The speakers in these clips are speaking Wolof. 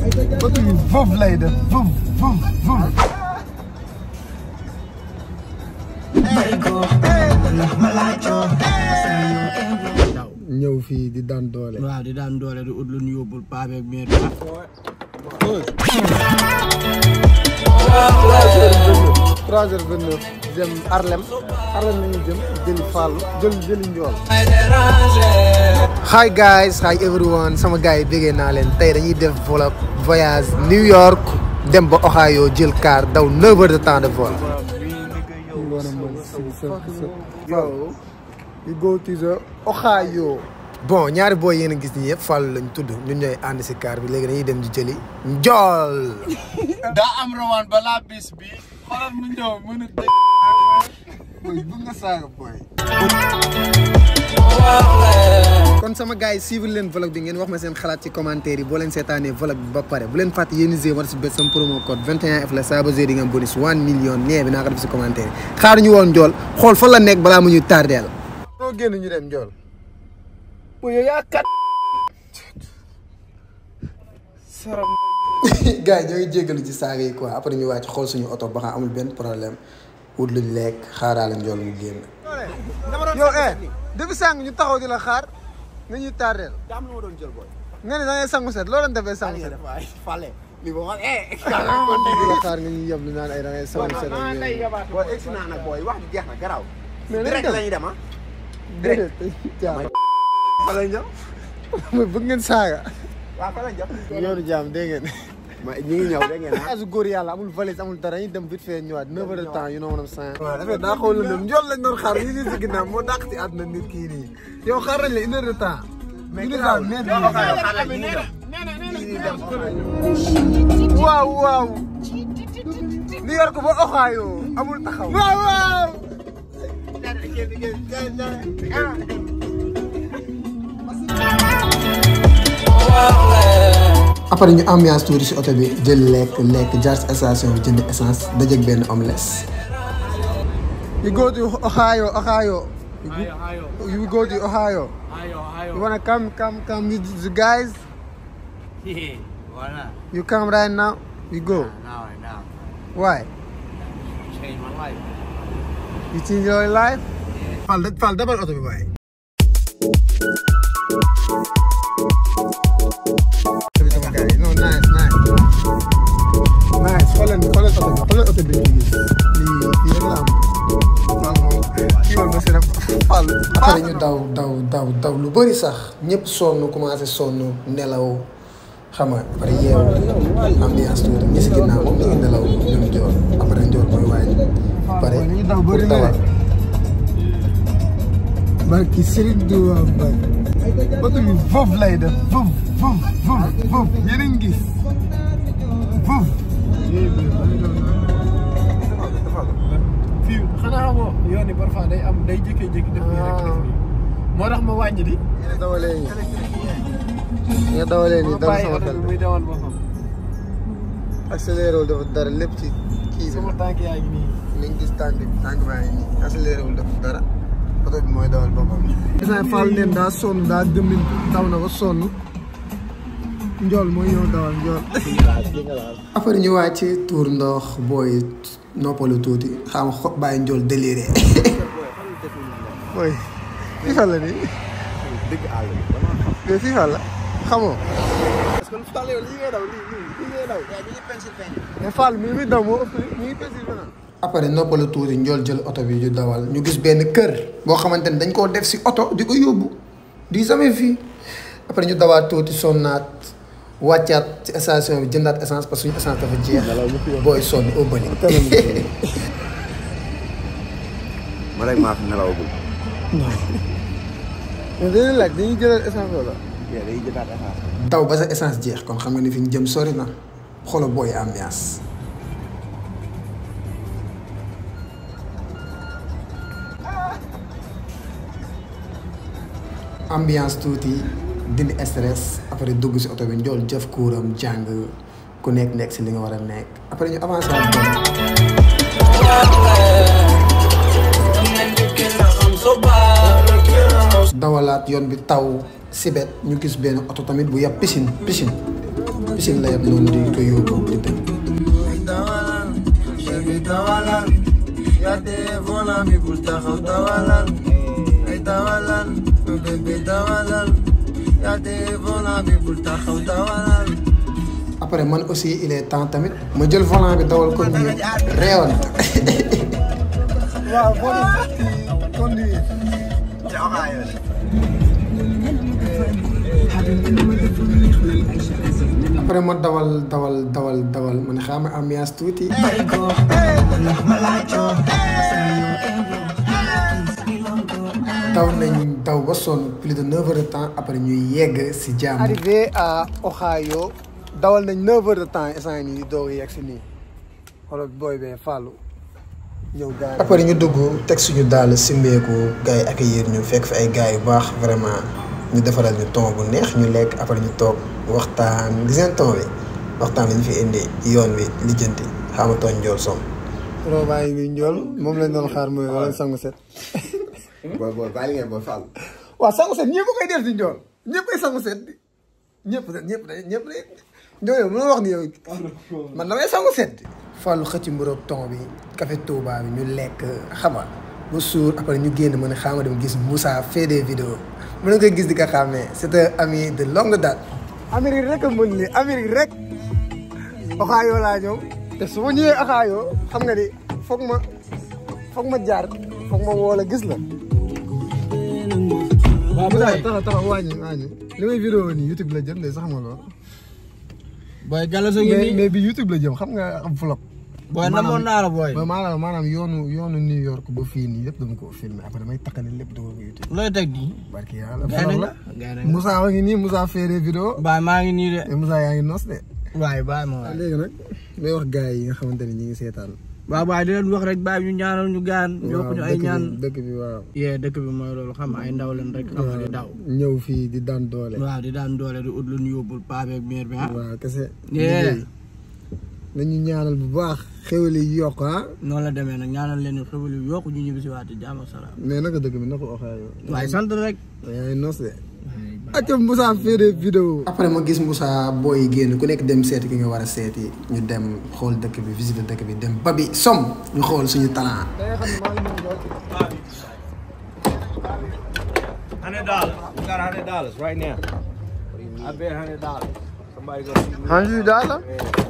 Wat doe je? Vuf leden. Vuf, vuf, vuf. ñëw fii di daan doole. waaw di daan doole di ut lu ñu yóbbul paa beeg meer bi trois heures vingt neuf jëm Arlem Arlem la ñu jëm jëli Fallou jël jëli Njool hi guys hi everyone sama guy bi gay naa leen tey dañuy def vol voyage New York dem ba Ohio jël car daw 9 h de temps de vol. yow you go to the Ohio. bon ñaari boy yéen gis ni yëpp Fall lañ tudd ñun ñoy and ci car bi légui dañuy dem di jëli njool. Da am roman ba la bis bi xoolal mu ñëw mën a. boy bu nga saaga boy. kon sama gars yi suivre leen bi ngeen wax ma seen xalaat ci commentaire boo leen seetaanee vlog bi ba pare bu leen fàtte yéen g war si sama promo code 21F la saa ba di ngeen bonus 1 million nee bi naa ko def si commentaire yi xaaruñu woon Ndiol xool fan la nekk balaa mu ñu tardeel soo génn ñu dem Ndiol gars yi ñoo ci saaga yi quoi après ñu wàcc xool suñu oto ba xam amul benn problème wut luñ lekk xaaraale Ndiol mu génn yow eh depuis sàng ñu taxaw di la xaar nga ñuy tardeel. daam lu jël booy. nga ne da ngay e sangu set loo doon defee sangu set. waaye fàlle li ba wax eh. xaar nga ñuy yab lu naan ay da ngay sangu set. waaw man booy egsi naa nag booy wax ji jeex na garaaw. mais la ñuy dem ah. direct fa lañ jëm. bëgg ngeen saaga. waaw fa lañ jëm. mais ñu ngi ñëw rek ngeen ah. su góor yàlla amul valise amul dara ñu dem vite fait ñëwaat 9 heures de temps you know what I'm saying. waaw affaire daa xaw a lëndëm njool lañ doon xaar ñu ngi si ginnaaw moo dàq ci àdduna nit kii nii yow xaar nañ la une heure de temps. mais ginnaaw nee na waaw waaw. New York ba Ohio amul taxaw. waaw waaw. Oh, wow. après ñu ambiance bi jël lekk lekk jaar station bi jënd essence omelette. You go to Ohio, Ohio. You go, to Ohio. Ohio, Ohio. You wanna come, come, come meet the guys? Yeah, You come right now. You go. Now, right now. Why? Change my life. You change your life? Fal, fal, dabal oto bi waay. côté bi ñu gis daw daw daw lu bëri sax ñëpp sonn commencé sonn nelaw xam nga après yeewu ambiance tuuti ñi si ginnaaw moom ñu ngi nelaw ñoom Ndiol après Ndiol mooy waaj. pare pour dawal. barki Serigne Diouf Mbaye. bato bi foofu lay def foofu foofu foofu foofu yéen a ngi gis. day jékkee ah. moo tax ma wàññi di dawalee nii nga dawalee nii dara sama xel muy dawal boppam accéléré wul dafa lépp ci kii yaa ngi mooy dawal boppam neen daa sonn daa dëmmin daw na ba sonn njool mooy ñëw dawal njool affaire ñu wàcc tuur ndox booy noppalu tuuti xam xob bàyyi njool déliré mooy fii fan la nii. dëgg àll xam. la xamoo. après noppalu tuuti njool jël oto bi ñu dawal ñu gis benn kër. boo xamante ne dañ koo def si oto di ko yóbbu di jamais fii après ñu dawaat tuuti sonnaat. wàccaat ci station bi jëndaat essence parce que suñu essence dafa jeex. booy sonn au non. dañuy laaj dañuy jëlal essence wala. ba sa essence jeex kon xam nga ni fi ñu jëm sori na xolo booy ambiance. ambiance tuuti dindi stress après dugg si oto bi njool jëf kuuram jàng ku nekk nekk si li nga war a nekk après ñu avancé waat dawalat yon bi taw sibet ñu gis ben auto tamit bu yapp pisin, pisin pisin la yapp non di ko yobbu di dem après man aussi il est temps tamit ma jël volant bi dawal ko nii réewal waaw volant conduire après ma dawal dawal dawal dawal man xaama ambiance tuuti. taw nañ taw ba sonn plus de 9 heures de temps après ñuy yegg si jàmm. arrivé à Ohio dawal nañ 9 heures de temps instant yii nii doog a yegg si nii xoolal booy bee Fallou. yow gars après ñu dugg teg suñu daal simbeeku gars yi accueillir ñu fekk fi ay gars yu baax vraiment ñu defaral ñu ton bu neex ñu lekk après ñu toog waxtaan gis ngeen ton bi waxtaan lañu fi indi yoon wi lijjanti xaama njool som robaay bi njool moom lañ doon xaar mooy wala sangu set booy booy bàyyi ngeen booy fàll waaw sangu set ñëpp koy def di njool ñëpp sangu set di ñëpp ñëpp ñëpp ñëpp ñëpp ñëpp ñëpp ñëpp ñëpp ñëpp ñëpp ñëpp set ñëpp fàllu xëcc mburoog ton bi café Touba bi ñu lekk xama ba suur après ñu génn mën a xaama dem gis Moussa fait des vidéos mën nga koy gis di ko xàmmee c'est un ami de longue date Amérique rek a mën ni Amérique rek Ohio laa ñëw te su ma ñëwee xam nga de foog ma foog ma jaar foog ma woo la gis la waaw Moussa taxa taxa waañi waañi li may vidéo nii YouTube la jëm de sax ma lool. booy gàllankoor mais mais bi YouTube la jëm xam nga am vlog waa na naa la booy. maanaam maanaam yoonu yoonu New York ba fii nii lépp dama ko filmé après damay takkale lépp dama ko YouTube. looy teg nii. barki yàlla faral la ngi nii Moussa Ferré vidéo. baay maa ngi nii de. Eh, Moussa yaa ngi nos waaye baay ma waay ah, léegi nag wax yi nga xamante ne ñu ngi seetaan. waaw waaye di wax rek baay ñu ñaanal ñu gaan. yokk ñu dëkk bi dëkk bi mooy loolu xam ay ndaw leen rek. xam di ñëw fii di daan doole. di daan doole di ut lu ñu yóbbul paa beeg meer bi ah. nañu ñaanal bu baax xewal yi yokk ha no la démé nak ñaanal leen xewal yi yokk ñu ñibisi waati jamo ak salaam mais naka dëgg bi waxa yo way sant rek ay no sé acca musa Fede vidéo après ma gis musa boy génn ku nekk dem séti ki nga wara séti ñu dem xol dëkk bi visiter dëkk bi dem babi som ñu xol suñu talent Hundred We got hundred dollars right now. I bet hundred dollars. Somebody go. Hundred dollars? Yeah.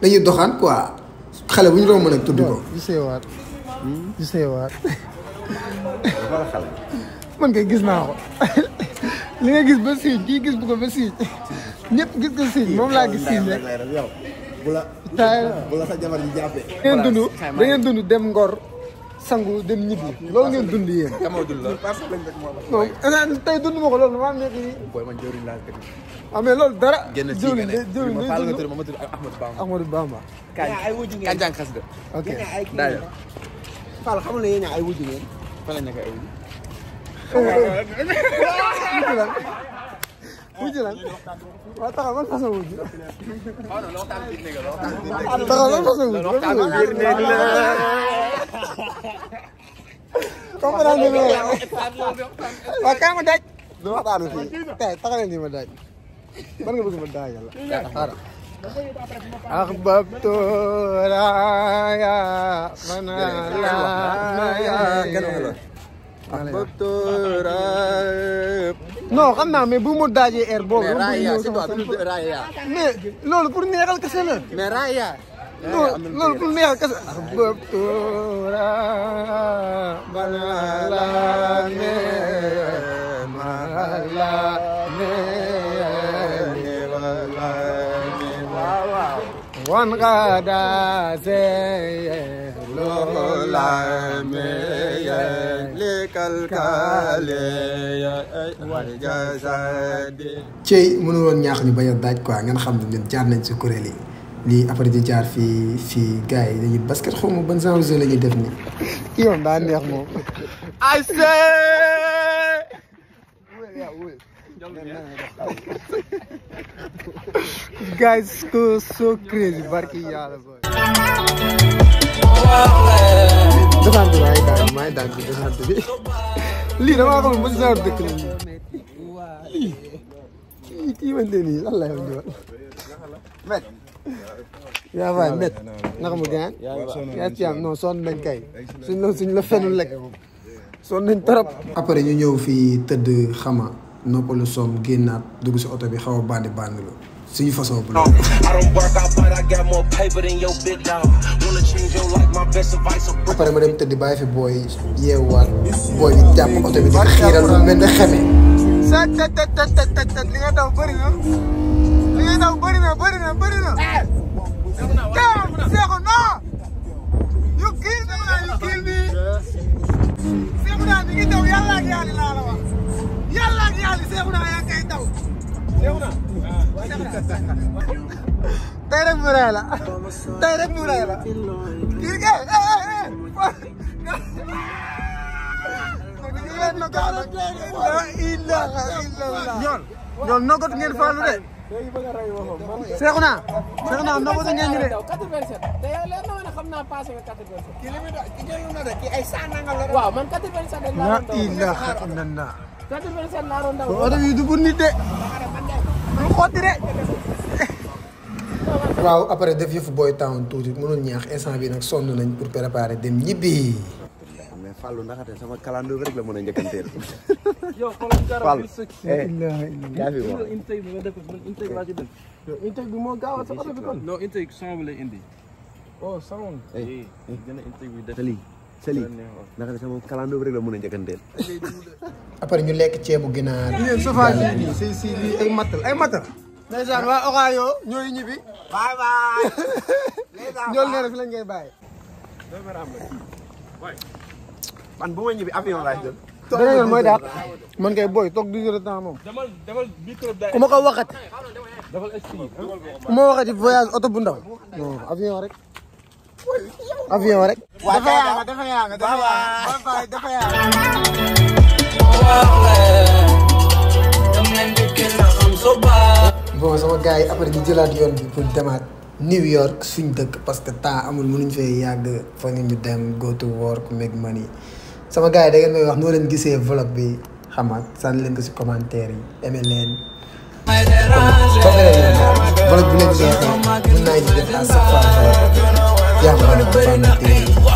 dañuy doxaan quoi xale bu ñu doon mën a tudd ko. yu seewaat yu seewaat. man kay gis naa ko li nga gis ba siiñ kii gis bu ko ba siiñ ñëpp gis ko siiñ moom laa gis siiñ rek. bu la bu la sa jabar ji jàppee. da ngeen dund da dem Ngor. sangu dem ñibbi loolu ngeen dund yéen kan dama la parce eh, eh, dund ma ko ma nekk yi boy man jëwriñ laa kat ah mais dara jëwriñ jëwriñ ma faal nga tur ma Bamba Ahmadou Bamba kaay ay wuju ngeen kan jàng xas de ok daal faal xamul ne yéen ay wuju ngeen fa la nekk ay wuju wuju lan waa taxaw man façon wuju taxaw lan façon wuju oh, comprendre nga waaw kaay ma daj. du waxtaanu fii tey taxalee nii ma daj. man nga bëgg ma daajal la. أحببت رايا من رايا أحببت رايا non xam naa mais bu mu daajee air boobu. mais raaya c'est toi raaya. mais loolu pour neexal kese la. mais raaya. loolu ku neex kese bëb tuura bala la ne ma la ne wala ne waaw wan ka daa se loola me likal kaale warja sa di cey mënu woon ñaax ñu bañ a daaj quoi ngeen xam ne ñun jaar nañ si kuréel yi li après di jaar fii fii gars yi basket xaw ma ban genre jeu la ñuy def nii. yow daa neex moom. guys so so crazy barki yàlla boy doxante bi ay daan maay daan bi doxante bi lii damaa xamul ba si saa dëkk la lii kii kii wante nii lan la yow ñëwal yaa waay mbét naka mu gaan yaa suñ la suñ la fenul lekk nañ trop après ñu ñëw fii tëdd xama noppalu soom génnaat dugg si oto bi xaw a bandi bandi lu suñu façon bu après ma dem tëdd bàyyi fi booy yeewaat booy bi jàpp oto bi di xiiral lu mel xeme li nga daw bëri li nga daw bëri na Damn, Serena! You kill me now, you kill me! Serena, mi ngi daw yàlla ak yàlla laa la wax. Yàlla ak yàlla Serena yaa ngi koy daw. Serena. Tey rek mu rey la. Tey rek mu rey la. Kii kay, eh eh. Ñoon ñoon nogot ngeen faalu de. léegi bëgg a rey waxoon Seexuna Seexuna am na ko ngeen ñu de 87 te yow leer na ma ne xam naa passé nga 87 ki li muy dox ki jëlu na de ki ay sa nangam la waaw man 87 la ilaha illallah 87 laa doon daw oto yi du bu nit de lu xotti de waaw après def yëfu boy town tuuti mënul ñaax instant bi nag sonn nañ pour préparer dem ñibbi Fallou naka ada sama Kalando bi rek la mën a njëkkanteel. yow xoolal garab bi sëkk. yaa fi wax intake bi nga def ko intake laa ci dem. bi sa bi kon. bi lay indi. oh son. eh gën a bi def. Sali sama Kalando bi rek la mën a Apa après ñu cebu ceebu ginaar. sofa yi si si lii Eh matal ay eh, matal. ndeysaan waa Ohio ñooy bye bye. ñool nee na fi lañ Bye man bu yang ñibbi avion laay jël. beneen yoon mooy daal man kay di toog du jël temps moom. ku ma ko waxati. ku ma waxati voyage oto bu ndaw. avion rek. avion rek. dafa yaa dafa yaa dafa yaa dafa yaa. bon sama gars après di jëlaat yoon bi pour demaat. New York suñ dëkk parce que temps amul mënuñ fee yàgg fa ñu dem go to work make money. sama gars yi da ngeen may wax noo leen gisee vlog bi xam nga sànni leen ko si commentaire yi aimé leen. comme comme leen vlog bi leen neexee mën naa ñu def à chaque fois vlog yaa ngi